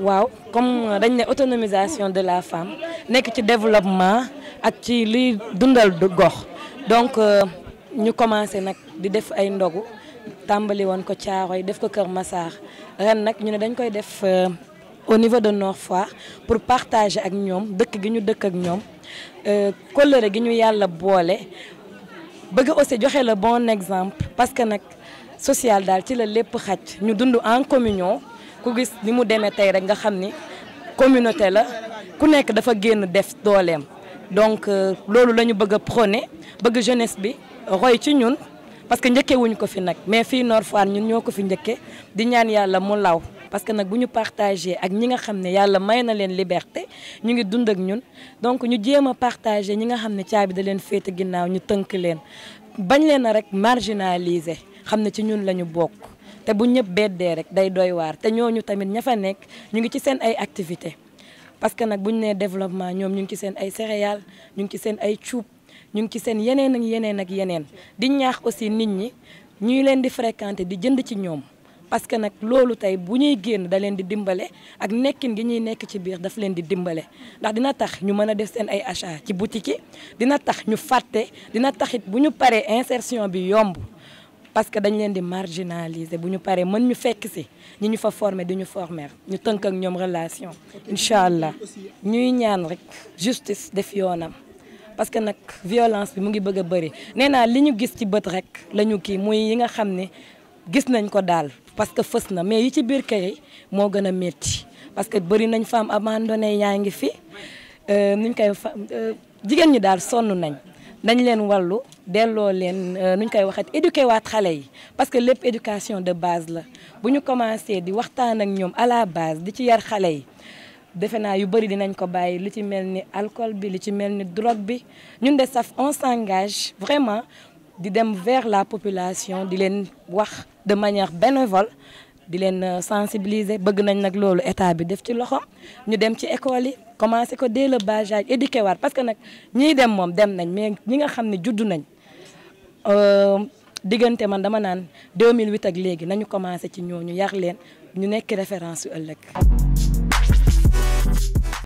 waaw comme dañ autonomisation de la femme nekk ci développement ak ci liy dundal gox donc euh, ñu commencé nag di def ay ndogu Tambali won ko Caaroy def ko Kër Massar ren nak ñu ne dañ koy def euh, au niveau de Nord Foire pour partager ak ñom dëkk gi ñu dëkk ak euh kóllëre gi ñu yalla bolé bëgg aussi joxé le bon exemple parce que nak social dal ci la lepp xaj ñu dund en communion ku gis ni mu demee tey rek nga xam ni communauté la ku nekk dafa génn def dooleem donc euh, loolu la ñu bëgg a bëgg jeunesse bi roy ci ñun parce que njëkkee wuñ ko fi nag mais fii Nord Foire ñun ñoo ko fi njëkke di ñaan yàlla mu law parce que nag bu ñu partagé ak ñi nga xam ne yàlla may na leen liberté ñu ngi dund ak ñun donc ñu jéem a partagé ñi nga xam ne caabi da leen féete ginnaaw ñu tënk leen bañ leen a rek marginaliser xam ne ci ñun la ñu bokk te bu ñëpp beddee rek day doy waar te ñooñu tamit ña fa nekk ñu ngi ci seen ay activité parce que nag bu ñu nee développement ñoom ñu ngi ci seen ay céréales ñu ngi ci seen ay cuub ñu ngi ci seen yeneen ak yeneen ak yeneen di ñaax aussi nit ñi ñuy leen di fréquenter di jënd ci ñoom parce que nag loolu tey bu ñuy génn da leen di dimbale ak nekkin gi ñuy nekk ci biir daf leen di dimbale ndax dina tax ñu mën a def seen ay achat ci boutique yi dina tax ñu fàtte dina taxit bu ñu paree insertion bi yomb parce que dañ leen di marginaliser bu ñu paree mën ñu fekk si ñi ñu fa former du ñu former ñu tënk ak ñoom relation incha allah ñuy ñaan rek justice def yoonam parce que nag violence bi mu ngi bëgg a bëri nee naa li ñu gis ci bët rek la ñu kii muy yi nga xam ne gis nañ ko daal parce que fës na mais yi ci biir kay yi moo gën a métti parce que bëri nañ femme abandonnée yaa ngi fi euh, nuñ koy euh, jigéen ñi daal sonn nañ nañ leen wàllu delloo leen euh, nuñ koy waxati éduqué waat xalé yi parce que lépp éducation de base la buñu ñu commencé di waxtaan ak ñom à la base di ci yar xalé yi defe naa yu bëri dinañ ko bayyi lu ci melni alcool bi lu ci melni drogue bi ñun de saf on s'engage vraiment di dem vers la population di len wax de manière bénévole di euh, sensibiliser bëgg nañ nak lolu état bi def ci école ko dès le bas parce que nak ñi dem dem mais ñi juddu nañ 2008 euh, ak légui nañu commencé ci ñooñu yar leen ñu nekk référence